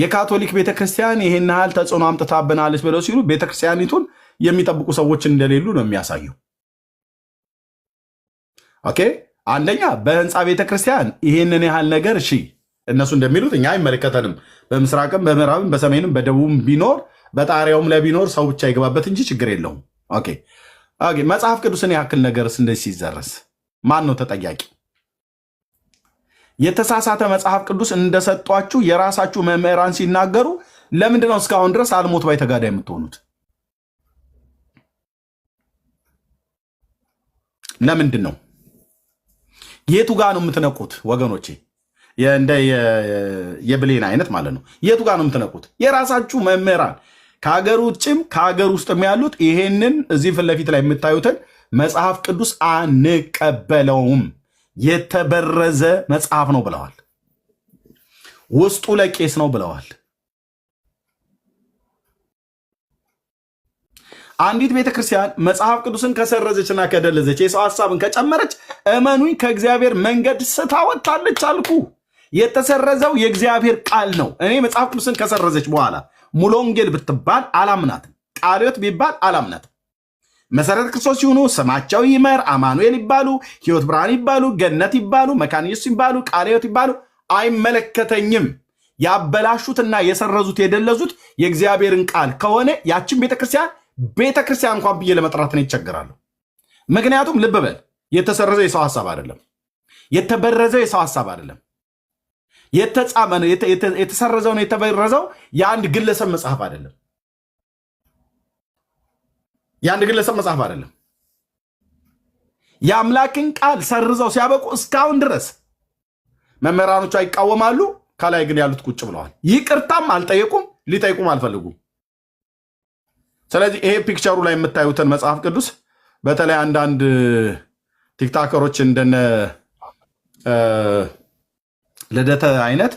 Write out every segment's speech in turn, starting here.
የካቶሊክ ቤተክርስቲያን ይህን ያህል ተጽዕኖ አምጥታብናለች ብለው ሲሉ ቤተክርስቲያኒቱን የሚጠብቁ ሰዎች እንደሌሉ ነው የሚያሳየው። ኦኬ አንደኛ በህንፃ ቤተክርስቲያን ይህንን ያህል ነገር እሺ፣ እነሱ እንደሚሉት እኛ አይመለከተንም። በምስራቅም በምዕራብም በሰሜንም በደቡብም ቢኖር በጣሪያውም ላይ ቢኖር ሰው ብቻ ይገባበት እንጂ ችግር የለውም። ኦኬ መጽሐፍ ቅዱስን ያክል ነገርስ እንደዚህ ሲዘረስ ማን ነው ተጠያቂ? የተሳሳተ መጽሐፍ ቅዱስ እንደሰጧችሁ የራሳችሁ መምህራን ሲናገሩ ለምንድን ነው እስካሁን ድረስ አልሞት ባይ ተጋዳይ የምትሆኑት? ለምንድን ነው? የቱ ጋ ነው የምትነቁት? ወገኖቼ እንደ የብሌን አይነት ማለት ነው። የቱ ጋ ነው የምትነቁት? የራሳችሁ መምህራን ከሀገር ውጭም ከሀገር ውስጥም ያሉት ይሄንን እዚህ ፊት ለፊት ላይ የምታዩትን መጽሐፍ ቅዱስ አንቀበለውም የተበረዘ መጽሐፍ ነው ብለዋል። ውስጡ ለቄስ ነው ብለዋል። አንዲት ቤተ ክርስቲያን መጽሐፍ ቅዱስን ከሰረዘችና ከደለዘች የሰው ሀሳብን ከጨመረች እመኑኝ ከእግዚአብሔር መንገድ ስታወጣለች አልኩ። የተሰረዘው የእግዚአብሔር ቃል ነው። እኔ መጽሐፍ ቅዱስን ከሰረዘች በኋላ ሙሉ ወንጌል ብትባል አላምናትም። ቃልዮት ቢባል አላምናትም። መሰረት ክርስቶስ ሲሆኑ ስማቸው ይመር፣ አማኑኤል ይባሉ፣ ህይወት ብርሃን ይባሉ፣ ገነት ይባሉ፣ መካኒስ ይባሉ፣ ቃለ ህይወት ይባሉ፣ አይመለከተኝም። ያበላሹትና የሰረዙት የደለዙት የእግዚአብሔርን ቃል ከሆነ ያችን ቤተክርስቲያን ቤተክርስቲያን እንኳን ብዬ ለመጥራት ነው ይቸገራሉ። ምክንያቱም ልብ በል የተሰረዘ የሰው ሀሳብ አይደለም፣ የተበረዘ የሰው ሀሳብ አይደለም። የተጻመ የተሰረዘው ነው የተበረዘው የአንድ ግለሰብ መጽሐፍ አይደለም። የአንድ ግለሰብ መጽሐፍ አይደለም። የአምላክን ቃል ሰርዘው ሲያበቁ እስካሁን ድረስ መምህራኖቿ ይቃወማሉ። ከላይ ግን ያሉት ቁጭ ብለዋል። ይቅርታም አልጠየቁም፣ ሊጠይቁም አልፈልጉም። ስለዚህ ይሄ ፒክቸሩ ላይ የምታዩትን መጽሐፍ ቅዱስ በተለይ አንዳንድ ቲክታከሮች እንደነ ልደተ አይነት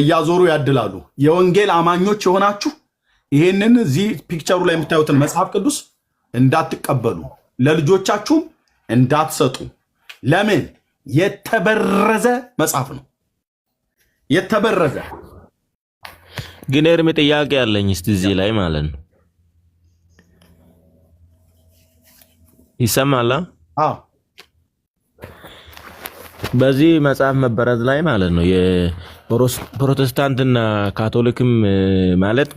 እያዞሩ ያድላሉ። የወንጌል አማኞች የሆናችሁ ይሄንን እዚህ ፒክቸሩ ላይ የምታዩትን መጽሐፍ ቅዱስ እንዳትቀበሉ፣ ለልጆቻችሁም እንዳትሰጡ። ለምን? የተበረዘ መጽሐፍ ነው። የተበረዘ ግን እርም ጥያቄ አለኝ እስቲ እዚህ ላይ ማለት ነው ይሰማላ? በዚህ መጽሐፍ መበረዝ ላይ ማለት ነው የፕሮቴስታንትና ካቶሊክም ማለት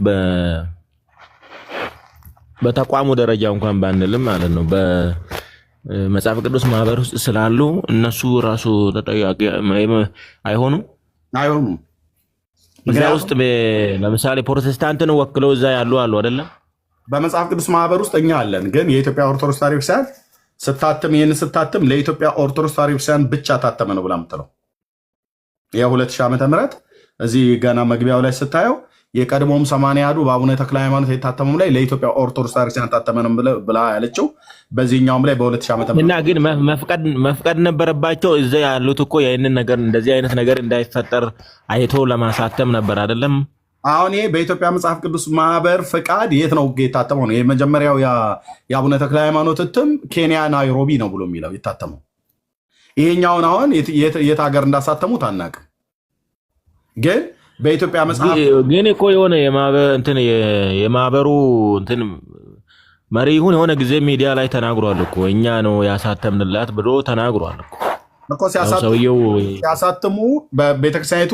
በተቋሙ ደረጃ እንኳን ባንልም ማለት ነው በመጽሐፍ ቅዱስ ማህበር ውስጥ ስላሉ እነሱ ራሱ ተጠያቂ አይሆኑም አይሆኑም። እዛ ውስጥ ለምሳሌ ፕሮቴስታንትን ወክለው እዛ ያሉ አሉ አይደለም። በመጽሐፍ ቅዱስ ማህበር ውስጥ እኛ አለን። ግን የኢትዮጵያ ኦርቶዶክስ ታሪክ ቤተክርስቲያን ስታትም ይህን ስታትም ለኢትዮጵያ ኦርቶዶክስ ታሪክ ሲያን ብቻ ታተመ ነው ብላ ምትለው የሁለት ሺህ ዓመተ ምህረት እዚህ ገና መግቢያው ላይ ስታየው የቀድሞም ሰማንያ በአቡነ ተክለ ሃይማኖት የታተመም ላይ ለኢትዮጵያ ኦርቶዶክስ ቤተክርስቲያን ታተመ ብላ ያለችው በዚህኛውም ላይ በሁለት ሺህ ዓመት እና ግን መፍቀድ ነበረባቸው። እዚ ያሉት እኮ ይህንን ነገር እንደዚህ አይነት ነገር እንዳይፈጠር አይቶ ለማሳተም ነበር አይደለም። አሁን ይሄ በኢትዮጵያ መጽሐፍ ቅዱስ ማህበር ፍቃድ የት ነው የታተመው? ነው የመጀመሪያው የአቡነ ተክለ ሃይማኖት እትም ኬንያ ናይሮቢ ነው ብሎ የሚለው የታተመው። ይሄኛውን አሁን የት ሀገር እንዳሳተሙት አናቅም ግን በኢትዮጵያ መጽሐፍ ግን እኮ የሆነ የማህበሩ እንትን መሪ ይሁን የሆነ ጊዜ ሚዲያ ላይ ተናግሯል እኮ እኛ ነው ያሳተምንላት ብሎ ተናግሯል እኮ እኮ ሲያሳትሙ በቤተክርስቲያኒቱ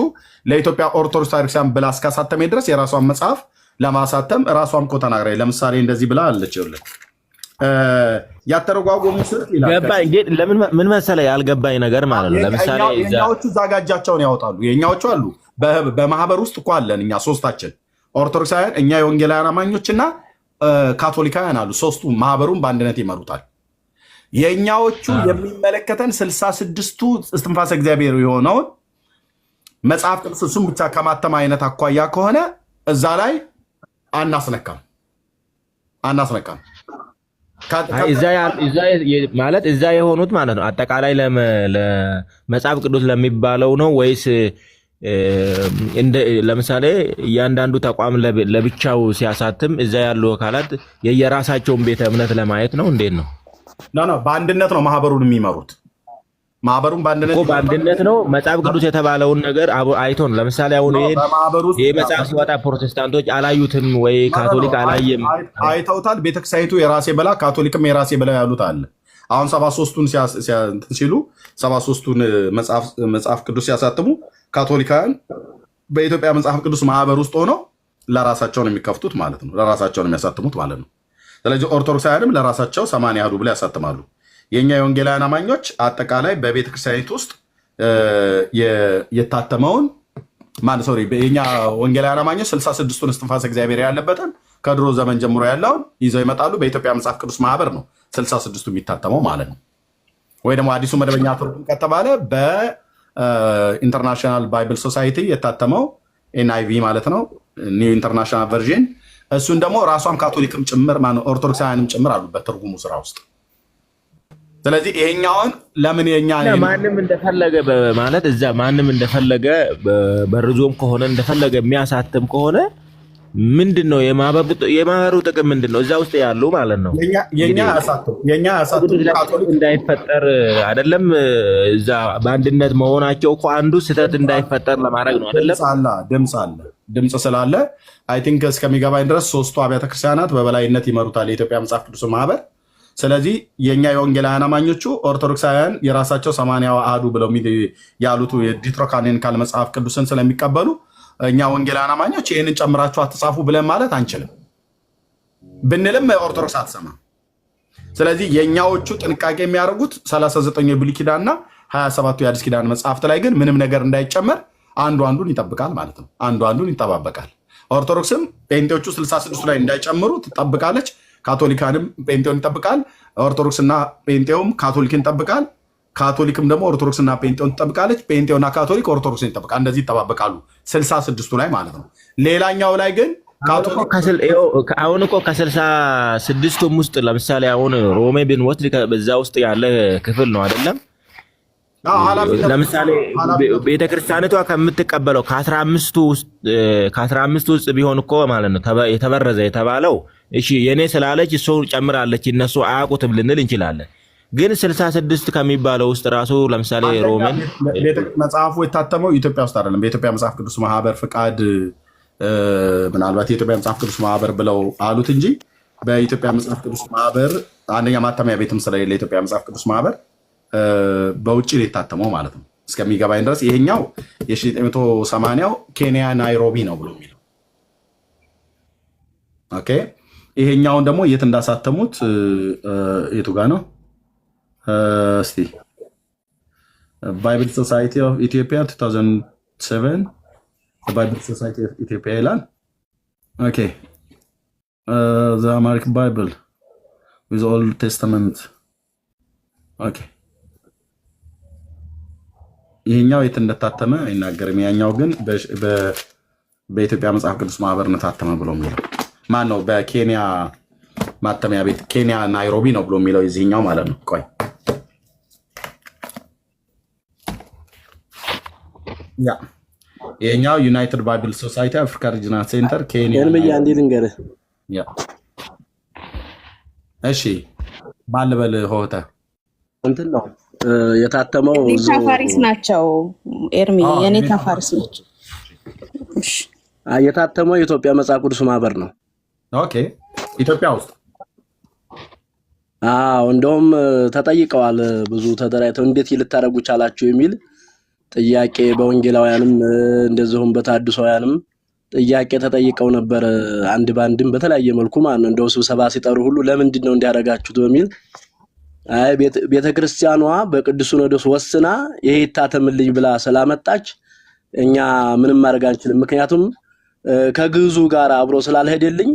ለኢትዮጵያ ኦርቶዶክስ ቤተክርስቲያን ብላ እስካሳተመ ድረስ የራሷን መጽሐፍ ለማሳተም ራሷም እኮ ተናግራ ለምሳሌ እንደዚህ ብላ አለች። ይኸውልህ ያተረጓጎሙ ስልት ይላል። ምን መሰለህ ያልገባኝ ነገር ማለት ነው። ለምሳሌ የእኛዎቹ ዛጋጃቸውን ያወጣሉ። የኛዎቹ አሉ በማህበር ውስጥ እኮ አለን እኛ ሶስታችን ኦርቶዶክሳውያን፣ እኛ የወንጌላውያን አማኞችና ካቶሊካውያን አሉ። ሶስቱ ማህበሩን በአንድነት ይመሩታል። የእኛዎቹ የሚመለከተን ስልሳ ስድስቱ እስትንፋሰ እግዚአብሔር የሆነውን መጽሐፍ ቅዱስ እሱን ብቻ ከማተም አይነት አኳያ ከሆነ እዛ ላይ አናስነካም አናስነካም ማለት እዛ የሆኑት ማለት ነው። አጠቃላይ ለመጽሐፍ ቅዱስ ለሚባለው ነው ወይስ ለምሳሌ እያንዳንዱ ተቋም ለብቻው ሲያሳትም እዛ ያሉ አካላት የየራሳቸውን ቤተ እምነት ለማየት ነው። እንዴት ነው? በአንድነት ነው ማህበሩን የሚመሩት። ማህበሩን በአንድነት ነው። መጽሐፍ ቅዱስ የተባለውን ነገር አይቶ ነው። ለምሳሌ አሁን ይህ መጽሐፍ ሲወጣ ፕሮቴስታንቶች አላዩትም ወይ ካቶሊክ አላየም፣ አይተውታል። ቤተክርስቲያኒቱ የራሴ በላ ካቶሊክም የራሴ በላ ያሉት አለ። አሁን ሰባ ሶስቱን ሲሉ ሰባ ሶስቱን መጽሐፍ ቅዱስ ሲያሳትሙ ካቶሊካውያን በኢትዮጵያ መጽሐፍ ቅዱስ ማህበር ውስጥ ሆኖ ለራሳቸውን የሚከፍቱት ማለት ነው፣ ለራሳቸውን የሚያሳትሙት ማለት ነው። ስለዚህ ኦርቶዶክሳውያንም ለራሳቸው ሰማንያ ያህዱ ብለው ያሳትማሉ። የእኛ የወንጌላውያን አማኞች አጠቃላይ በቤተ ክርስቲያኒት ውስጥ የታተመውን ማን ሶሪ የኛ ወንጌላውያን አማኞች ስልሳ ስድስቱን እስትንፋሰ እግዚአብሔር ያለበትን ከድሮ ዘመን ጀምሮ ያለውን ይዘው ይመጣሉ። በኢትዮጵያ መጽሐፍ ቅዱስ ማህበር ነው ስልሳ ስድስቱ የሚታተመው ማለት ነው። ወይ ደግሞ አዲሱ መደበኛ ትርጉም ከተባለ ኢንተርናሽናል ባይብል ሶሳይቲ የታተመው ኤንአይቪ ማለት ነው ኒው ኢንተርናሽናል ቨርዥን። እሱን ደግሞ ራሷም ካቶሊክም ጭምር ኦርቶዶክሳውያንም ጭምር አሉበት ትርጉሙ ስራ ውስጥ። ስለዚህ ይሄኛውን ለምን የኛ ማንም እንደፈለገ ማለት እዛ ማንም እንደፈለገ በርዞም ከሆነ እንደፈለገ የሚያሳትም ከሆነ ምንድን ነው የማህበሩ ጥቅም ምንድን ነው? እዛ ውስጥ ያሉ ማለት ነው እንዳይፈጠር አይደለም። እዛ በአንድነት መሆናቸው እኮ አንዱ ስህተት እንዳይፈጠር ለማድረግ ነው አይደለም። ድምፅ አለ። ድምፅ ስላለ አይ ቲንክ እስከሚገባኝ ድረስ ሶስቱ አብያተ ክርስቲያናት በበላይነት ይመሩታል የኢትዮጵያ መጽሐፍ ቅዱስ ማህበር። ስለዚህ የእኛ የወንጌላውያን አማኞቹ ኦርቶዶክሳውያን የራሳቸው ሰማንያው አህዱ ብለው ያሉት ካል መጽሐፍ ቅዱስን ስለሚቀበሉ እኛ ወንጌላውያን አማኞች ይህንን ጨምራችሁ አትጻፉ ብለን ማለት አንችልም። ብንልም ኦርቶዶክስ አትሰማ። ስለዚህ የእኛዎቹ ጥንቃቄ የሚያደርጉት 39 የብሉይ ኪዳንና 27ቱ የአዲስ ኪዳን መጽሐፍት ላይ ግን ምንም ነገር እንዳይጨመር አንዱ አንዱን ይጠብቃል ማለት ነው። አንዱ አንዱን ይጠባበቃል። ኦርቶዶክስም ጴንጤዎቹ 66 ላይ እንዳይጨምሩ ትጠብቃለች። ካቶሊካንም ጴንጤውን ይጠብቃል። ኦርቶዶክስና ጴንጤውም ካቶሊክን ይጠብቃል። ካቶሊክም ደግሞ ኦርቶዶክስና ጴንጤውን ትጠብቃለች። ጴንጤውና ካቶሊክ ኦርቶዶክስን ይጠብቃል። እንደዚህ ይጠባበቃሉ ስልሳ ስድስቱ ላይ ማለት ነው። ሌላኛው ላይ ግን አሁን እኮ ከስልሳ ስድስቱም ውስጥ ለምሳሌ አሁን ሮሜ ብንወስድ በዛ ውስጥ ያለ ክፍል ነው አይደለም። ለምሳሌ ቤተክርስቲያኒቷ ከምትቀበለው ከአስራ አምስቱ ውስጥ ቢሆን እኮ ማለት ነው የተበረዘ የተባለው እሺ፣ የእኔ ስላለች እሱ ጨምራለች እነሱ አያውቁትም ልንል እንችላለን። ግን ስልሳ ስድስት ከሚባለው ውስጥ ራሱ ለምሳሌ ሮሜን መጽሐፉ የታተመው ኢትዮጵያ ውስጥ አይደለም። በኢትዮጵያ መጽሐፍ ቅዱስ ማህበር ፍቃድ ምናልባት የኢትዮጵያ መጽሐፍ ቅዱስ ማህበር ብለው አሉት እንጂ በኢትዮጵያ መጽሐፍ ቅዱስ ማህበር አንደኛ ማተሚያ ቤትም ስለሌለ የኢትዮጵያ መጽሐፍ ቅዱስ ማህበር በውጭ የታተመው ማለት ነው። እስከሚገባኝ ድረስ ይሄኛው የ1980ው ኬንያ ናይሮቢ ነው ብሎ የሚለው ኦኬ። ይሄኛውን ደግሞ የት እንዳሳተሙት የቱ ጋ ነው? Uh, እስቲ ባይብል ሶሳይቲ ኦፍ ኢትዮጵያ 2007 ባይብል ሶሳይቲ ኦፍ ኢትዮጵያ ይላል። ኦኬ ዘ አማሪክ ባይብል ዊዝ ኦልድ ቴስተመንት ኦኬ። ይሄኛው የት እንደታተመ አይናገርም። ያኛው ግን በኢትዮጵያ መጽሐፍ ቅዱስ ማህበር እንደታተመ ብሎ የሚለው ማን ነው? በኬንያ ማተሚያ ቤት ኬንያ ናይሮቢ ነው ብሎ የሚለው የዚህኛው ማለት ነው። ቆይ ያ የኛው ዩናይትድ ባይብል ሶሳይቲ አፍሪካ ሪጅናል ሴንተር ኬንያ። እንዴት ልንገርህ። እሺ ባልበል ሆተ እንትን ነው የታተመው። ታፋሪስ ናቸው ኤርሚ፣ የኔ ታፋሪስ ናቸው። የታተመው የኢትዮጵያ መጽሐፍ ቅዱስ ማህበር ነው። ኦኬ ኢትዮጵያ ውስጥ አዎ። እንደውም ተጠይቀዋል ብዙ ተደራጅተው እንዴት ልታደርጉ ቻላችሁ የሚል ጥያቄ በወንጌላውያንም እንደዚሁም በታድሶውያንም ጥያቄ ተጠይቀው ነበር። አንድ በአንድም በተለያየ መልኩ ማለት ነው። እንደው ስብሰባ ሲጠሩ ሁሉ ለምንድን ነው እንዲያደርጋችሁት በሚል አይ ቤተ ክርስቲያኗ በቅዱስ ሲኖዶስ ወስና ይሄ ይታተምልኝ ብላ ስላመጣች እኛ ምንም ማድረግ አንችልም። ምክንያቱም ከግዙ ጋር አብሮ ስላልሄደልኝ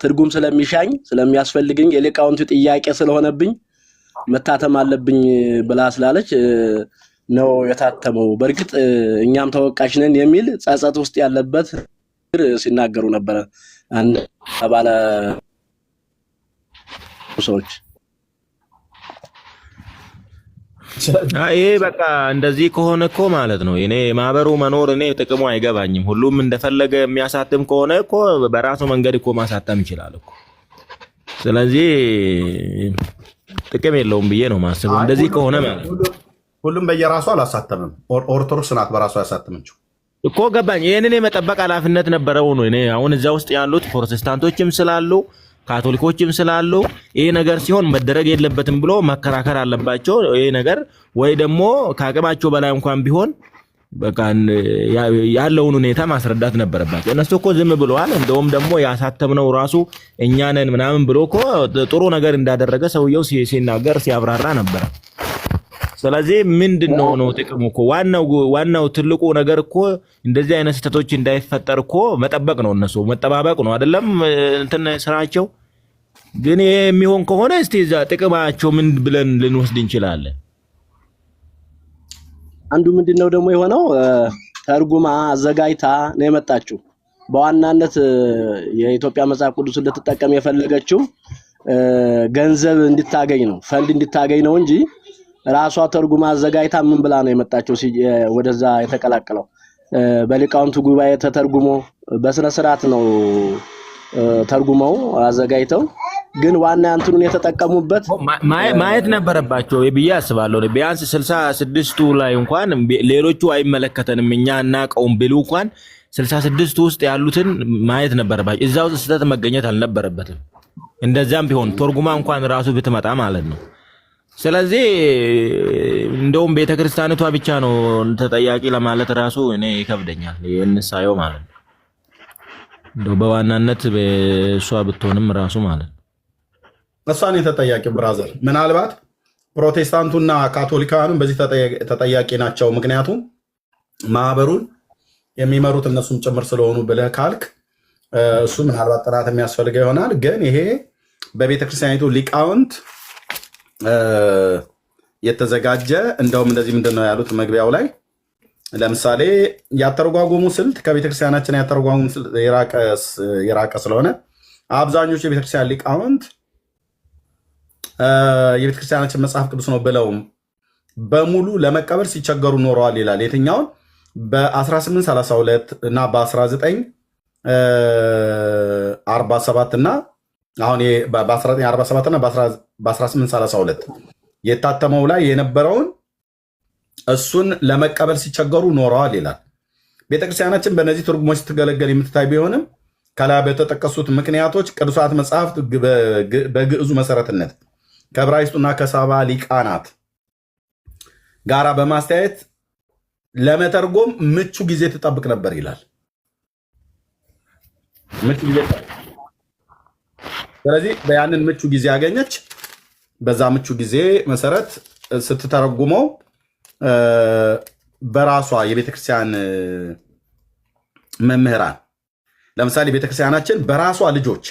ትርጉም ስለሚሻኝ ስለሚያስፈልግኝ የሊቃውንቱ ጥያቄ ስለሆነብኝ መታተም አለብኝ ብላ ስላለች ነው የታተመው። በእርግጥ እኛም ተወቃሽ ነን የሚል ጸጸት ውስጥ ያለበት ሲናገሩ ነበረ አንድ ባለ ሰዎች። ይሄ በቃ እንደዚህ ከሆነ እኮ ማለት ነው እኔ ማህበሩ መኖር እኔ ጥቅሙ አይገባኝም። ሁሉም እንደፈለገ የሚያሳትም ከሆነ እኮ በራሱ መንገድ እኮ ማሳተም ይችላል እኮ። ስለዚህ ጥቅም የለውም ብዬ ነው ማስበው እንደዚህ ከሆነ ማለት ነው። ሁሉም በየራሱ አላሳተምም። ኦርቶዶክስ ናት በራሱ ያሳተመችው እኮ ገባኝ። ይህንን የመጠበቅ ኃላፊነት ነበረው ነው። እኔ አሁን እዚያ ውስጥ ያሉት ፕሮቴስታንቶችም ስላሉ ካቶሊኮችም ስላሉ ይሄ ነገር ሲሆን መደረግ የለበትም ብሎ መከራከር አለባቸው። ይሄ ነገር ወይ ደግሞ ከአቅማቸው በላይ እንኳን ቢሆን በቃ ያለውን ሁኔታ ማስረዳት ነበረባቸው። እነሱ እኮ ዝም ብለዋል። እንደውም ደግሞ ያሳተምነው ራሱ እኛ ነን ምናምን ብሎ እኮ ጥሩ ነገር እንዳደረገ ሰውየው ሲናገር ሲያብራራ ነበረ። ስለዚህ ምንድን ነው ጥቅሙ? እኮ ዋናው ዋናው ትልቁ ነገር እኮ እንደዚህ አይነት ስህተቶች እንዳይፈጠር እኮ መጠበቅ ነው፣ እነሱ መጠባበቅ ነው አይደለም እንትን ስራቸው። ግን ይሄ የሚሆን ከሆነ እስቲ እዛ ጥቅማቸው ምን ብለን ልንወስድ እንችላለን? አንዱ ምንድን ነው ደግሞ የሆነው ተርጉማ አዘጋጅታ ነው የመጣችው። በዋናነት የኢትዮጵያ መጽሐፍ ቅዱስ ልትጠቀም የፈለገችው ገንዘብ እንድታገኝ ነው፣ ፈንድ እንድታገኝ ነው እንጂ ራሷ ተርጉማ አዘጋጅታ ምን ብላ ነው የመጣቸው ወደዛ የተቀላቀለው? በሊቃውንቱ ጉባኤ ተተርጉሞ በስነ ስርዓት ነው ተርጉመው አዘጋጅተው ግን ዋና እንትኑን የተጠቀሙበት ማየት ነበረባቸው ብዬ አስባለሁ። ቢያንስ ስልሳ ስድስቱ ላይ እንኳን ሌሎቹ አይመለከተንም እኛ እናቀውም ብሉ እንኳን ስልሳ ስድስቱ ውስጥ ያሉትን ማየት ነበረባቸው። እዛ ውስጥ ስህተት መገኘት አልነበረበትም። እንደዚያም ቢሆን ተርጉማ እንኳን ራሱ ብትመጣ ማለት ነው ስለዚህ እንደውም ቤተክርስቲያኒቷ ብቻ ነው ተጠያቂ ለማለት ራሱ እኔ ይከብደኛል። እንሳየው ማለት ነው እንደው በዋናነት እሷ ብትሆንም ራሱ ማለት ነው እሷን ተጠያቂ ብራዘር፣ ምናልባት ፕሮቴስታንቱና ካቶሊካውያኑም በዚህ ተጠያቂ ናቸው። ምክንያቱም ማህበሩን የሚመሩት እነሱም ጭምር ስለሆኑ ብለህ ካልክ እሱ ምናልባት ጥናት የሚያስፈልገው ይሆናል። ግን ይሄ በቤተክርስቲያኒቱ ሊቃውንት የተዘጋጀ እንደውም እንደዚህ ምንድን ነው ያሉት መግቢያው ላይ ለምሳሌ ያተረጓጎሙ ስልት ከቤተክርስቲያናችን ያተረጓጎሙ ስልት የራቀ ስለሆነ አብዛኞቹ የቤተክርስቲያን ሊቃውንት የቤተክርስቲያናችን መጽሐፍ ቅዱስ ነው ብለውም በሙሉ ለመቀበል ሲቸገሩ ኖረዋል ይላል። የትኛውን በ1832 እና በ1947 እና አሁን በ1947 እና በ1832 የታተመው ላይ የነበረውን እሱን ለመቀበል ሲቸገሩ ኖረዋል ይላል። ቤተክርስቲያናችን በእነዚህ ትርጉሞች ስትገለገል የምትታይ ቢሆንም ከላይ በተጠቀሱት ምክንያቶች ቅዱሳት መጽሐፍት በግዕዙ መሰረትነት ከዕብራይስጡና ከሳባ ሊቃናት ጋራ በማስተያየት ለመተርጎም ምቹ ጊዜ ትጠብቅ ነበር ይላል። ምቹ ጊዜ ስለዚህ በያንን ምቹ ጊዜ ያገኘች በዛ ምቹ ጊዜ መሰረት ስትተረጉመው በራሷ የቤተክርስቲያን መምህራን ለምሳሌ ቤተክርስቲያናችን በራሷ ልጆች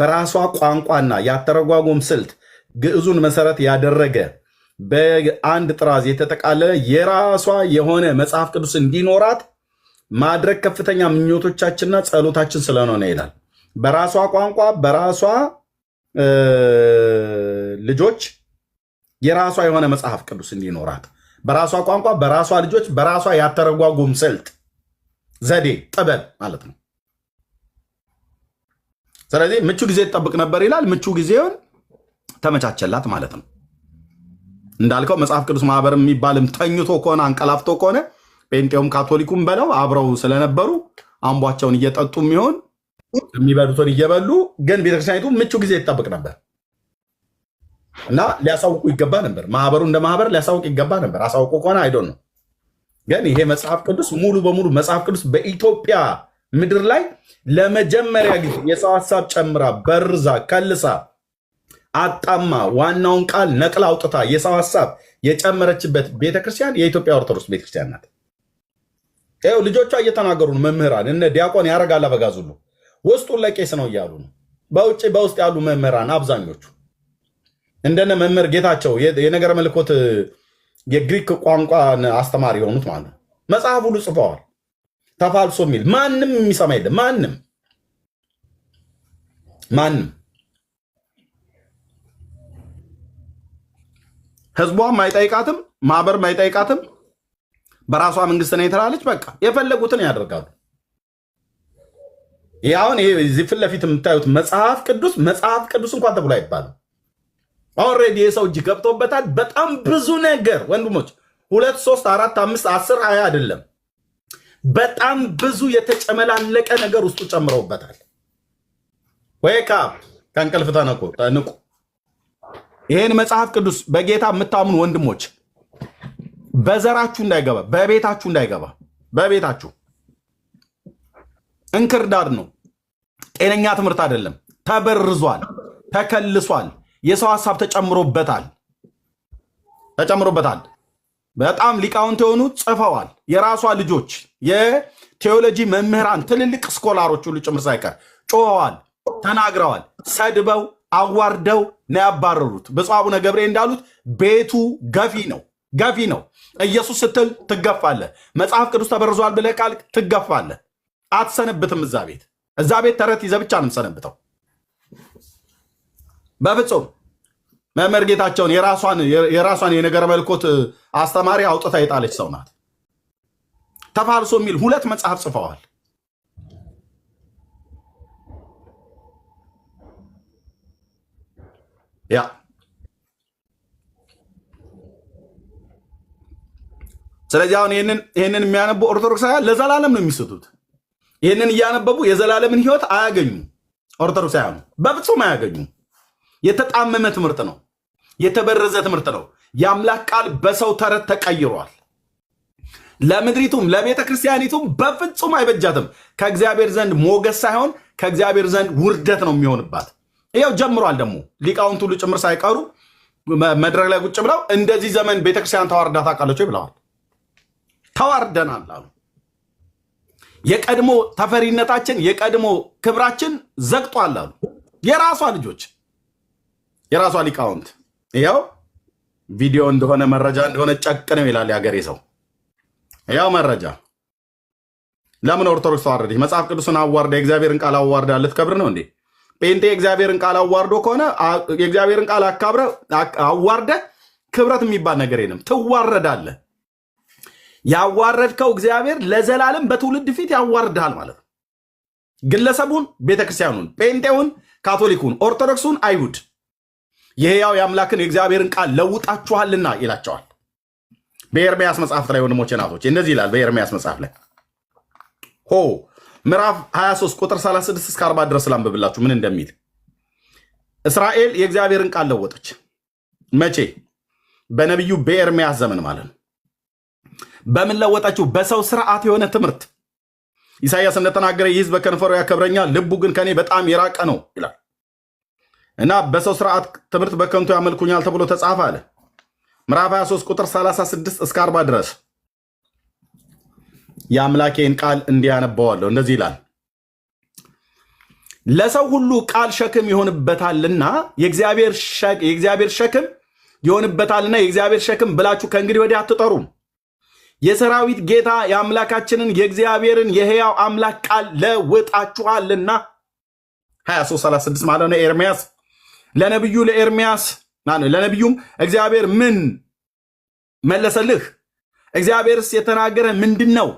በራሷ ቋንቋና ያተረጓጎም ስልት ግዕዙን መሰረት ያደረገ በአንድ ጥራዝ የተጠቃለለ የራሷ የሆነ መጽሐፍ ቅዱስ እንዲኖራት ማድረግ ከፍተኛ ምኞቶቻችንና ጸሎታችን ስለሆነ ይላል። በራሷ ቋንቋ በራሷ ልጆች የራሷ የሆነ መጽሐፍ ቅዱስ እንዲኖራት በራሷ ቋንቋ በራሷ ልጆች በራሷ ያተረጓጉም ስልት፣ ዘዴ፣ ጥበብ ማለት ነው። ስለዚህ ምቹ ጊዜ ትጠብቅ ነበር ይላል። ምቹ ጊዜውን ተመቻቸላት ማለት ነው። እንዳልከው መጽሐፍ ቅዱስ ማህበር የሚባልም ተኝቶ ከሆነ አንቀላፍቶ ከሆነ ጴንጤውም ካቶሊኩም በለው አብረው ስለነበሩ አምቧቸውን እየጠጡ የሚሆን የሚበሉትን እየበሉ ግን ቤተክርስቲያኒቱ ምቹ ጊዜ ይጠብቅ ነበር እና ሊያሳውቁ ይገባ ነበር። ማህበሩ እንደ ማህበር ሊያሳውቅ ይገባ ነበር። አሳውቁ ከሆነ አይዶ ነው። ግን ይሄ መጽሐፍ ቅዱስ ሙሉ በሙሉ መጽሐፍ ቅዱስ በኢትዮጵያ ምድር ላይ ለመጀመሪያ ጊዜ የሰው ሀሳብ ጨምራ፣ በርዛ፣ ከልሳ፣ አጣማ ዋናውን ቃል ነቅላ አውጥታ የሰው ሀሳብ የጨመረችበት ቤተክርስቲያን የኢትዮጵያ ኦርቶዶክስ ቤተክርስቲያን ናት። ይኸው ልጆቿ እየተናገሩ መምህራን እነ ዲያቆን ያረጋል አበጋዝ ሁሉ ውስጡን ለቄስ ነው እያሉ ነው። በውጭ በውስጥ ያሉ መምህራን አብዛኞቹ እንደነ መምህር ጌታቸው የነገረ መልኮት የግሪክ ቋንቋ አስተማሪ የሆኑት ማለት ነው። መጽሐፍ ሁሉ ጽፈዋል። ተፋልሶ የሚል ማንም የሚሰማ የለም። ማንም ማንም ህዝቧም አይጠይቃትም፣ ማህበር አይጠይቃትም። በራሷ መንግስት ነው የተላለች። በቃ የፈለጉትን ያደርጋሉ። ይህ አሁን ይሄ ፊት ለፊት የምታዩት መጽሐፍ ቅዱስ መጽሐፍ ቅዱስ እንኳን ተብሎ አይባልም። ኦልሬዲ የሰው እጅ ገብቶበታል። በጣም ብዙ ነገር ወንድሞች፣ ሁለት ሶስት አራት አምስት አስር ሀያ አይደለም፣ በጣም ብዙ የተጨመላለቀ ነገር ውስጡ ጨምረውበታል። ወይ ካብ ከእንቅልፍ ተነቁ ንቁ። ይህን መጽሐፍ ቅዱስ በጌታ የምታምኑ ወንድሞች በዘራችሁ እንዳይገባ፣ በቤታችሁ እንዳይገባ፣ በቤታችሁ እንክርዳድ ነው። ጤነኛ ትምህርት አይደለም። ተበርዟል፣ ተከልሷል። የሰው ሀሳብ ተጨምሮበታል ተጨምሮበታል። በጣም ሊቃውንት የሆኑ ጽፈዋል። የራሷ ልጆች የቴዎሎጂ መምህራን ትልልቅ ስኮላሮች ሁሉ ጭምር ሳይቀር ጮኸዋል፣ ተናግረዋል። ሰድበው አዋርደው ነው ያባረሩት። ብፁዕ አቡነ እንዳሉት ቤቱ ገፊ ነው ገፊ ነው። ኢየሱስ ስትል ትገፋለህ። መጽሐፍ ቅዱስ ተበርዟል ብለህ ቃል ትገፋለህ። አትሰነብትም። እዛ ቤት እዛ ቤት ተረት ይዘህ ብቻ ነው የምትሰነብተው። በፍጹም መምህር ጌታቸውን የራሷን የነገረ መልኮት አስተማሪ አውጥታ የጣለች ሰው ናት። ተፋልሶ የሚል ሁለት መጽሐፍ ጽፈዋል። ያ ስለዚህ አሁን ይህንን የሚያነቡ ኦርቶዶክሳውያን ለዘላለም ነው የሚስቱት። ይህንን እያነበቡ የዘላለምን ህይወት አያገኙ ኦርቶዶክሳውያኑ በፍጹም አያገኙ የተጣመመ ትምህርት ነው። የተበረዘ ትምህርት ነው። የአምላክ ቃል በሰው ተረት ተቀይሯል። ለምድሪቱም ለቤተ ክርስቲያኒቱም በፍጹም አይበጃትም። ከእግዚአብሔር ዘንድ ሞገስ ሳይሆን ከእግዚአብሔር ዘንድ ውርደት ነው የሚሆንባት። ይኸው ጀምሯል። ደግሞ ሊቃውንት ሁሉ ጭምር ሳይቀሩ መድረክ ላይ ቁጭ ብለው እንደዚህ ዘመን ቤተክርስቲያን ተዋርዳ ታውቃለች ብለዋል። ተዋርደናል አሉ። የቀድሞ ተፈሪነታችን የቀድሞ ክብራችን ዘግጧል አሉ የራሷ ልጆች የራሷ ሊቃውንት። ያው ቪዲዮ እንደሆነ መረጃ እንደሆነ ጨቅ ነው ይላል የሀገሬ ሰው። ያው መረጃ ለምን ኦርቶዶክስ ተዋረደች? መጽሐፍ ቅዱስን አዋርዳ የእግዚአብሔርን ቃል አዋርዳ ልትከብር ነው እንዴ? ጴንጤ የእግዚአብሔርን ቃል አዋርዶ ከሆነ የእግዚአብሔርን ቃል አካብረ አዋርደ ክብረት የሚባል ነገር የለም። ትዋረዳለህ። ያዋረድከው እግዚአብሔር ለዘላለም በትውልድ ፊት ያዋርድሃል ማለት ነው። ግለሰቡን፣ ቤተክርስቲያኑን፣ ጴንጤውን፣ ካቶሊኩን፣ ኦርቶዶክሱን፣ አይሁድ የሕያው የአምላክን የእግዚአብሔርን ቃል ለውጣችኋልና ይላቸዋል። በኤርሚያስ መጽሐፍ ላይ ወንድሞቼ ናቶች እንደዚህ ይላል። በኤርሚያስ መጽሐፍ ላይ ሆ ምዕራፍ 23 ቁጥር 36 እስከ 40 ድረስ ላንብብላችሁ ምን እንደሚል እስራኤል የእግዚአብሔርን ቃል ለወጠች። መቼ? በነቢዩ በኤርሚያስ ዘመን ማለት ነው። በምን ለወጣችሁ? በሰው ስርዓት የሆነ ትምህርት። ኢሳያስ እንደተናገረ ይህ ሕዝብ በከንፈሩ ያከብረኛል፣ ልቡ ግን ከኔ በጣም የራቀ ነው ይላል እና በሰው ስርዓት ትምህርት በከንቱ ያመልኩኛል ተብሎ ተጻፈ አለ። ምዕራፍ 23 ቁጥር 36 እስከ 40 ድረስ የአምላኬን ቃል እንዲያነባዋለሁ እንደዚህ ይላል ለሰው ሁሉ ቃል ሸክም ይሆንበታልና የእግዚአብሔር ሸክም ይሆንበታልና የእግዚአብሔር ሸክም ብላችሁ ከእንግዲህ ወዲህ አትጠሩም የሰራዊት ጌታ የአምላካችንን የእግዚአብሔርን የሕያው አምላክ ቃል ለውጣችኋልና 2336 ማለት ነው። ኤርሚያስ ለነቢዩ ለኤርሚያስ ለነቢዩም እግዚአብሔር ምን መለሰልህ? እግዚአብሔርስ የተናገረ ምንድን ነው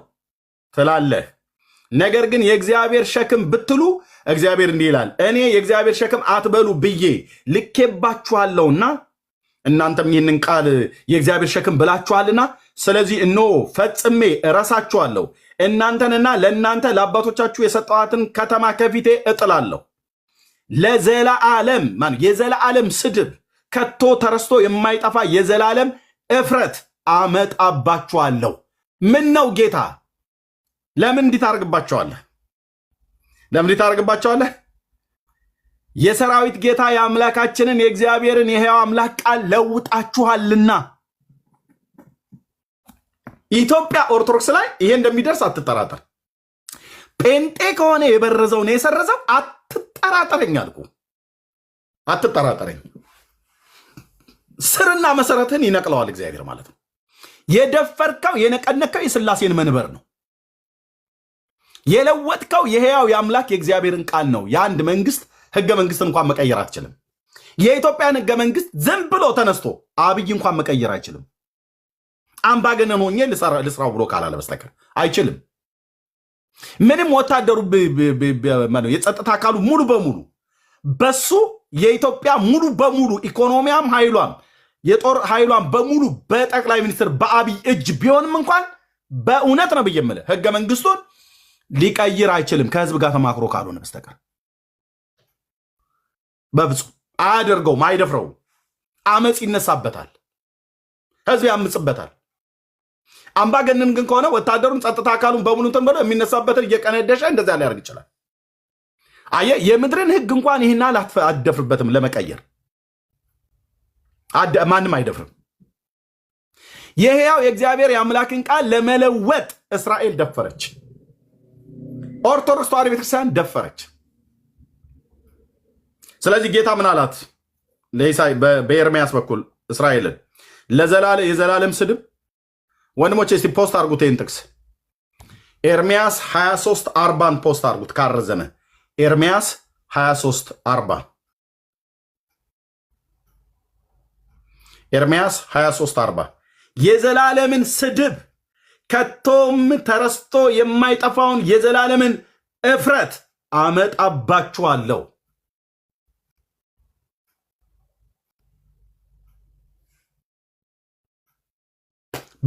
ትላለህ። ነገር ግን የእግዚአብሔር ሸክም ብትሉ እግዚአብሔር እንዲህ ይላል፣ እኔ የእግዚአብሔር ሸክም አትበሉ ብዬ ልኬባችኋለሁና እናንተም ይህንን ቃል የእግዚአብሔር ሸክም ብላችኋልና ስለዚህ እኖ ፈጽሜ እረሳችኋለሁ፣ እናንተንና ለእናንተ ለአባቶቻችሁ የሰጠኋትን ከተማ ከፊቴ እጥላለሁ። የዘላ የዘላዓለም ስድብ ከቶ ተረስቶ የማይጠፋ የዘላለም እፍረት አመጣባችኋለሁ። ምን ነው ጌታ ለምን እንዲህ ታደርግባቸዋለህ? ለምን እንዲህ ታደርግባቸዋለህ? የሰራዊት ጌታ የአምላካችንን የእግዚአብሔርን የሕያው አምላክ ቃል ለውጣችኋልና ኢትዮጵያ ኦርቶዶክስ ላይ ይሄ እንደሚደርስ አትጠራጠር። ጴንጤ ከሆነ የበረዘው ነው የሰረዘው። አትጠራጠረኝ አልኩ፣ አትጠራጠረኝ። ስርና መሰረትህን ይነቅለዋል እግዚአብሔር ማለት ነው። የደፈርከው የነቀነከው የስላሴን መንበር ነው። የለወጥከው የህያው የአምላክ የእግዚአብሔርን ቃል ነው። የአንድ መንግስት ህገ መንግስት እንኳን መቀየር አትችልም። የኢትዮጵያን ህገ መንግስት ዝም ብሎ ተነስቶ አብይ እንኳን መቀየር አይችልም። አምባገነን ሆኜ ልስራው ብሎ ካላለ በስተቀር አይችልም። ምንም ወታደሩ የጸጥታ አካሉ ሙሉ በሙሉ በሱ የኢትዮጵያ ሙሉ በሙሉ ኢኮኖሚያም ኃይሏም የጦር ኃይሏን በሙሉ በጠቅላይ ሚኒስትር በአብይ እጅ ቢሆንም እንኳን በእውነት ነው ብዬ የምልህ ህገ መንግስቱን ሊቀይር አይችልም ከህዝብ ጋር ተማክሮ ካልሆነ በስተቀር በፍጹም አያደርገውም፣ አይደፍረውም። አመፅ ይነሳበታል፣ ህዝብ ያምፅበታል። አምባገነን ግን ከሆነ ወታደሩን ጸጥታ አካሉን በሙሉ እንትን ብሎ የሚነሳበትን እየቀነደሸ እንደዚያ ሊያደርግ ይችላል። አየ የምድርን ህግ እንኳን ይህን አደፍርበትም አትደፍርበትም ለመቀየር ማንም አይደፍርም። የህያው የእግዚአብሔር የአምላክን ቃል ለመለወጥ እስራኤል ደፈረች። ኦርቶዶክስ ተዋሕዶ ቤተክርስቲያን ደፈረች። ስለዚህ ጌታ ምን አላት? በኤርሚያስ በኩል እስራኤልን ለዘላለም የዘላለም ስድብ ወንድሞች እስቲ ፖስት አርጉት ይህን ጥቅስ ኤርሚያስ 23 አርባን ፖስት አርጉት ካረዘመ ኤርሚያስ 23 አርባ ኤርሚያስ 23 አርባ የዘላለምን ስድብ ከቶም ተረስቶ የማይጠፋውን የዘላለምን እፍረት አመጣባችኋለሁ።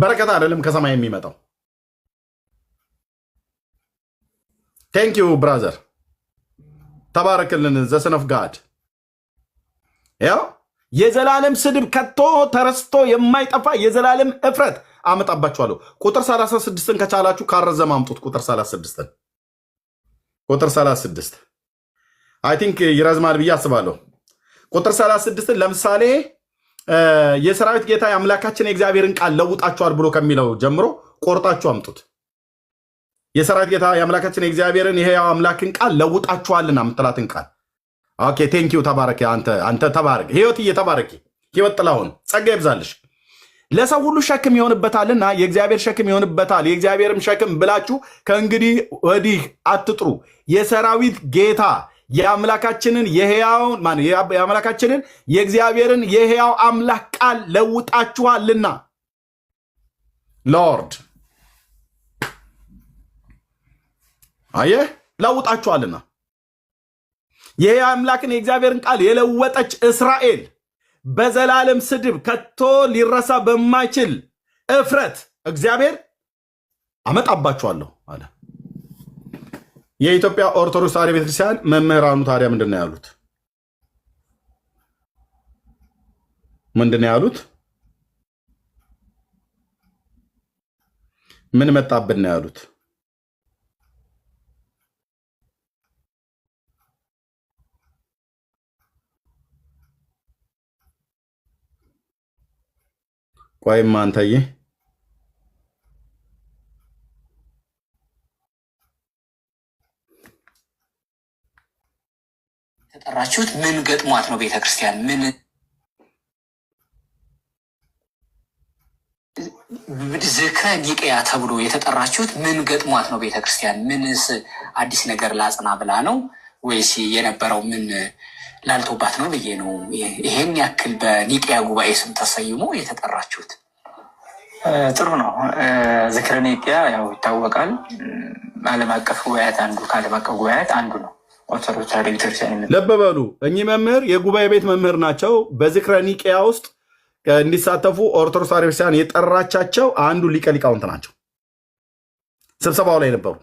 በረከት አይደለም ከሰማይ የሚመጣው። ቴንክ ዩ ብራዘር፣ ተባረክልን። ዘሰነፍ ጋድ ያው የዘላለም ስድብ ከቶ ተረስቶ የማይጠፋ የዘላለም እፍረት አመጣባችኋለሁ። ቁጥር 36ን ከቻላችሁ ካረዘም አምጡት። ቁጥር 36 ቁጥር 36 አይ ቲንክ ይረዝማል ብዬ አስባለሁ። ቁጥር 36 ለምሳሌ የሰራዊት ጌታ የአምላካችን የእግዚአብሔርን ቃል ለውጣችኋል ብሎ ከሚለው ጀምሮ ቆርጣችሁ አምጡት። የሰራዊት ጌታ የአምላካችን የእግዚአብሔርን የሕያው አምላክን ቃል ለውጣችኋልና ምትላትን ቃል ኦኬ፣ ቴንኪዩ ተባረኪ። አንተ ተባረክ፣ ህይወትዬ ተባረኪ። ህይወት ጥላሁን ጸጋ ይብዛልሽ። ለሰው ሁሉ ሸክም ይሆንበታልና የእግዚአብሔር ሸክም ይሆንበታል፣ የእግዚአብሔርም ሸክም ብላችሁ ከእንግዲህ ወዲህ አትጥሩ። የሰራዊት ጌታ የአምላካችንን የሕያውን የአምላካችንን የእግዚአብሔርን የሕያው አምላክ ቃል ለውጣችኋልና ሎርድ አየህ ለውጣችኋልና የሕያው አምላክን የእግዚአብሔርን ቃል የለወጠች እስራኤል በዘላለም ስድብ ከቶ ሊረሳ በማይችል እፍረት እግዚአብሔር አመጣባችኋለሁ የኢትዮጵያ ኦርቶዶክስ ተዋሕዶ ቤተክርስቲያን መምህራኑ ታዲያ ምንድን ነው ያሉት? ምንድን ነው ያሉት? ምን መጣብን ነው ያሉት? ቆይማ አንተዬ የጠራችሁት ምን ገጥሟት ነው? ቤተ ክርስቲያን ምን ዝክረ ኒቅያ ተብሎ የተጠራችሁት ምን ገጥሟት ነው? ቤተ ክርስቲያን ምንስ አዲስ ነገር ላጽና ብላ ነው ወይስ የነበረው ምን ላልቶባት ነው ብዬ ነው። ይሄን ያክል በኒቅያ ጉባኤ ስም ተሰይሞ የተጠራችሁት ጥሩ ነው። ዝክረ ኒቅያ ያው ይታወቃል። ዓለም አቀፍ ጉባኤያት አንዱ ከዓለም አቀፍ ጉባኤያት አንዱ ነው። ልብ በሉ እኚህ መምህር የጉባኤ ቤት መምህር ናቸው። በዝክረ ኒቅያ ውስጥ እንዲሳተፉ ኦርቶዶክስ ተዋሕዶ ቤተክርስቲያን የጠራቻቸው አንዱ ሊቀ ሊቃውንት ናቸው። ስብሰባው ላይ ነበሩ።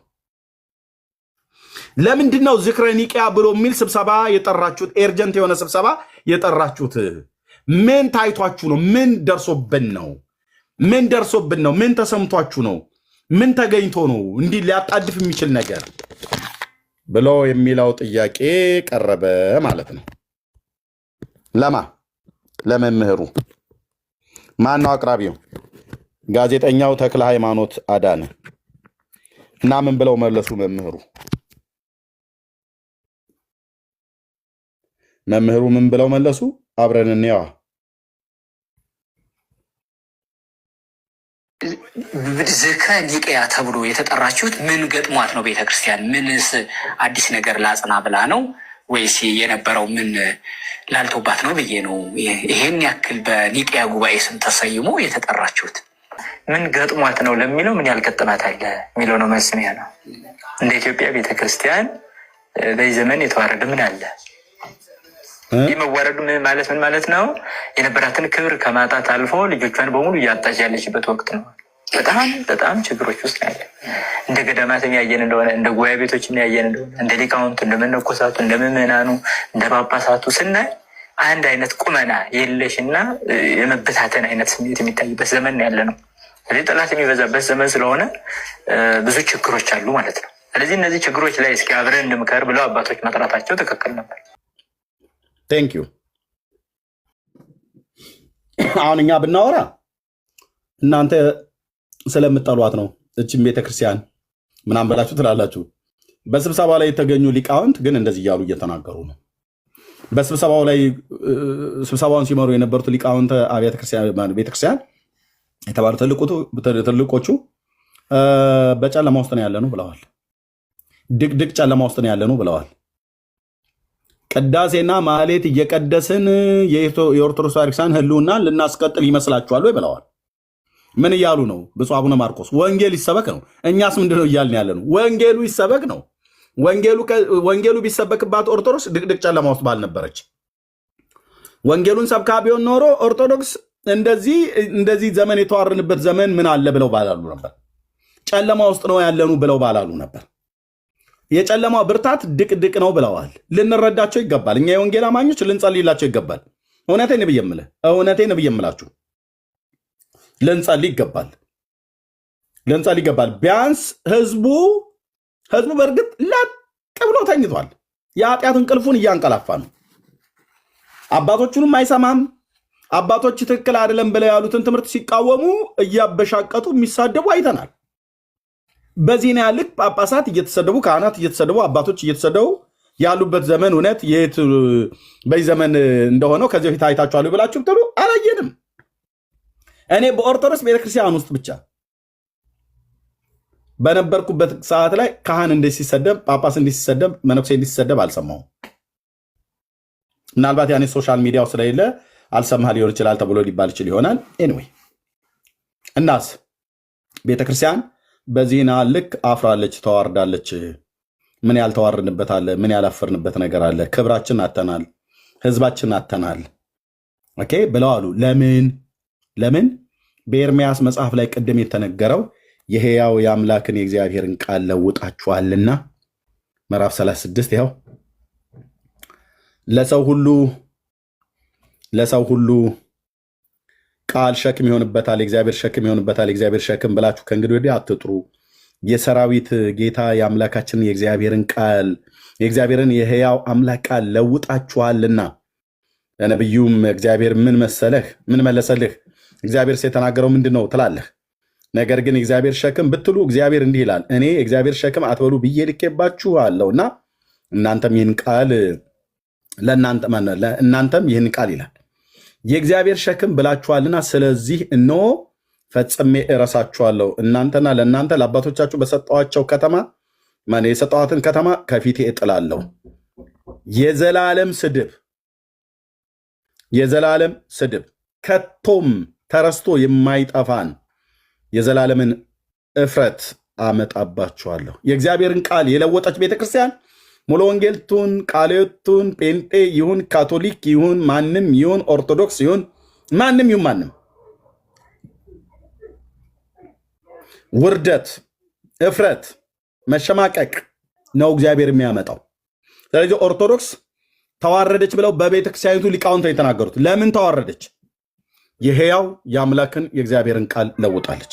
ለምንድን ነው ዝክረ ኒቅያ ብሎ የሚል ስብሰባ የጠራችሁት? ኤርጀንት የሆነ ስብሰባ የጠራችሁት ምን ታይቷችሁ ነው? ምን ደርሶብን ነው? ምን ደርሶብን ነው? ምን ተሰምቷችሁ ነው? ምን ተገኝቶ ነው? እንዲህ ሊያጣድፍ የሚችል ነገር ብሎ የሚለው ጥያቄ ቀረበ ማለት ነው። ለማ ለመምህሩ ማነው አቅራቢው? ጋዜጠኛው ተክለ ሃይማኖት አዳነ እና ምን ብለው መለሱ መምህሩ? መምህሩ ምን ብለው መለሱ? አብረን እንየዋ። ዝከ ኒቅያ ተብሎ የተጠራችሁት ምን ገጥሟት ነው? ቤተ ክርስቲያን ምንስ አዲስ ነገር ላጽና ብላ ነው ወይስ የነበረው ምን ላልቶባት ነው ብዬ ነው። ይሄን ያክል በኒቅያ ጉባኤ ስም ተሰይሞ የተጠራችሁት ምን ገጥሟት ነው ለሚለው ምን ያልገጥማት አለ የሚለው ነው መስሚያ ነው። እንደ ኢትዮጵያ ቤተክርስቲያን በዚህ ዘመን የተዋረደ ምን አለ? ይህ መዋረዱ ምን ማለት ምን ማለት ነው? የነበራትን ክብር ከማጣት አልፎ ልጆቿን በሙሉ እያጣች ያለችበት ወቅት ነው። በጣም በጣም ችግሮች ውስጥ ያለ እንደ ገዳማትም ያየን እንደሆነ እንደ ጉባኤ ቤቶችም ያየን እንደሆነ እንደ ሊቃውንቱ፣ እንደ መነኮሳቱ፣ እንደ ምዕመናኑ፣ እንደ ጳጳሳቱ ስናይ አንድ አይነት ቁመና የለሽ እና የመበታተን አይነት ስሜት የሚታይበት ዘመን ያለ ነው። ስለዚህ ጠላት የሚበዛበት ዘመን ስለሆነ ብዙ ችግሮች አሉ ማለት ነው። ስለዚህ እነዚህ ችግሮች ላይ እስኪ አብረን እንምከር ብለው አባቶች መጥራታቸው ትክክል ነበር። ቴንክ ዩ። አሁን እኛ ብናወራ እናንተ ስለምጠሏት ነው እችም ቤተክርስቲያን ምናምን ብላችሁ ትላላችሁ። በስብሰባ ላይ የተገኙ ሊቃውንት ግን እንደዚህ እያሉ እየተናገሩ ነው። በስብሰባው ላይ ስብሰባውን ሲመሩ የነበሩት ሊቃውንት ቤተክርስቲያን የተባሉ ትልቆቹ በጨለማ ውስጥ ነው ያለ ነው ብለዋል። ድቅድቅ ጨለማ ውስጥ ነው ያለ ነው ብለዋል። ቅዳሴና ማህሌት እየቀደስን የኦርቶዶክስ ታሪክሳን ህልውና ልናስቀጥል ይመስላችኋል ወይ ብለዋል። ምን እያሉ ነው? ብፁዕ አቡነ ማርቆስ ወንጌል ይሰበክ ነው። እኛስ ምንድነው እያልን ያለ ነው? ወንጌሉ ይሰበክ ነው። ወንጌሉ ቢሰበክባት ኦርቶዶክስ ድቅድቅ ጨለማ ውስጥ ባልነበረች። ወንጌሉን ሰብካ ቢሆን ኖሮ ኦርቶዶክስ እንደዚህ እንደዚህ ዘመን የተዋረንበት ዘመን ምን አለ ብለው ባላሉ ነበር። ጨለማ ውስጥ ነው ያለኑ ብለው ባላሉ ነበር። የጨለማ ብርታት ድቅድቅ ነው ብለዋል። ልንረዳቸው ይገባል። እኛ የወንጌል አማኞች ልንጸልይላቸው ይገባል። እውነቴን ብዬ የምልህ እውነቴን ብዬ የምላችሁ ልንጸልይ ይገባል። ልንጸልይ ይገባል። ቢያንስ ህዝቡ ህዝቡ በእርግጥ ላጥ ብሎ ተኝቷል። የኃጢአት እንቅልፉን እያንቀላፋ ነው። አባቶቹንም አይሰማም። አባቶች ትክክል አይደለም ብለው ያሉትን ትምህርት ሲቃወሙ እያበሻቀጡ የሚሳደቡ አይተናል። በዜና ልክ ጳጳሳት እየተሰደቡ ካህናት እየተሰደቡ አባቶች እየተሰደቡ ያሉበት ዘመን እውነት የት በዚህ ዘመን እንደሆነው ከዚህ በፊት አይታችኋሉ ብላችሁ ብትሉ አላየንም። እኔ በኦርቶዶክስ ቤተክርስቲያን ውስጥ ብቻ በነበርኩበት ሰዓት ላይ ካህን እንደ ሲሰደብ፣ ጳጳስ እንዴት ሲሰደብ፣ መነኩሴ እንዴት ሲሰደብ አልሰማሁም። ምናልባት ያኔ ሶሻል ሚዲያው ስለሌለ አልሰማህ ሊሆን ይችላል ተብሎ ሊባል ይችል ይሆናል። ኤኒዌይ እናስ ቤተክርስቲያን በዜና ልክ አፍራለች፣ ተዋርዳለች። ምን ያልተዋርንበት አለ? ምን ያላፈርንበት ነገር አለ? ክብራችን አተናል፣ ህዝባችን አተናል ኦኬ ብለው አሉ። ለምን ለምን? በኤርሚያስ መጽሐፍ ላይ ቅድም የተነገረው የህያው የአምላክን የእግዚአብሔርን ቃል ለውጣችኋልና ምዕራፍ 36 ይኸው ለሰው ሁሉ ለሰው ሁሉ ቃል ሸክም ይሆንበታል፣ የእግዚአብሔር ሸክም ይሆንበታል። የእግዚአብሔር ሸክም ብላችሁ ከእንግዲህ ወዲህ አትጥሩ። የሰራዊት ጌታ የአምላካችን የእግዚአብሔርን ቃል የእግዚአብሔርን የህያው አምላክ ቃል ለውጣችኋልና። ለነቢዩም እግዚአብሔር ምን መሰለህ ምን መለሰልህ? እግዚአብሔር የተናገረው ምንድን ነው ትላለህ። ነገር ግን እግዚአብሔር ሸክም ብትሉ እግዚአብሔር እንዲህ ይላል፣ እኔ እግዚአብሔር ሸክም አትበሉ ብዬ ልኬባችሁ አለውና እናንተም ይህን ቃል ለእናንተም ይህን ቃል ይላል የእግዚአብሔር ሸክም ብላችኋልና፣ ስለዚህ እነሆ ፈጽሜ እረሳችኋለሁ። እናንተና ለእናንተ ለአባቶቻችሁ በሰጠኋቸው ከተማ የሰጠኋትን ከተማ ከፊቴ እጥላለሁ። የዘላለም ስድብ የዘላለም ስድብ ከቶም ተረስቶ የማይጠፋን የዘላለምን እፍረት አመጣባችኋለሁ። የእግዚአብሔርን ቃል የለወጠች ቤተክርስቲያን ሙሉ ወንጌልቱን ቃሌቱን ጴንጤ ይሁን ካቶሊክ ይሁን ማንም ይሁን ኦርቶዶክስ ይሁን ማንም ይሁን ማንም ውርደት፣ እፍረት፣ መሸማቀቅ ነው እግዚአብሔር የሚያመጣው። ስለዚህ ኦርቶዶክስ ተዋረደች ብለው በቤተክርስቲያኒቱ ሊቃውንት የተናገሩት ለምን ተዋረደች? የሕያው የአምላክን የእግዚአብሔርን ቃል ለውጣለች።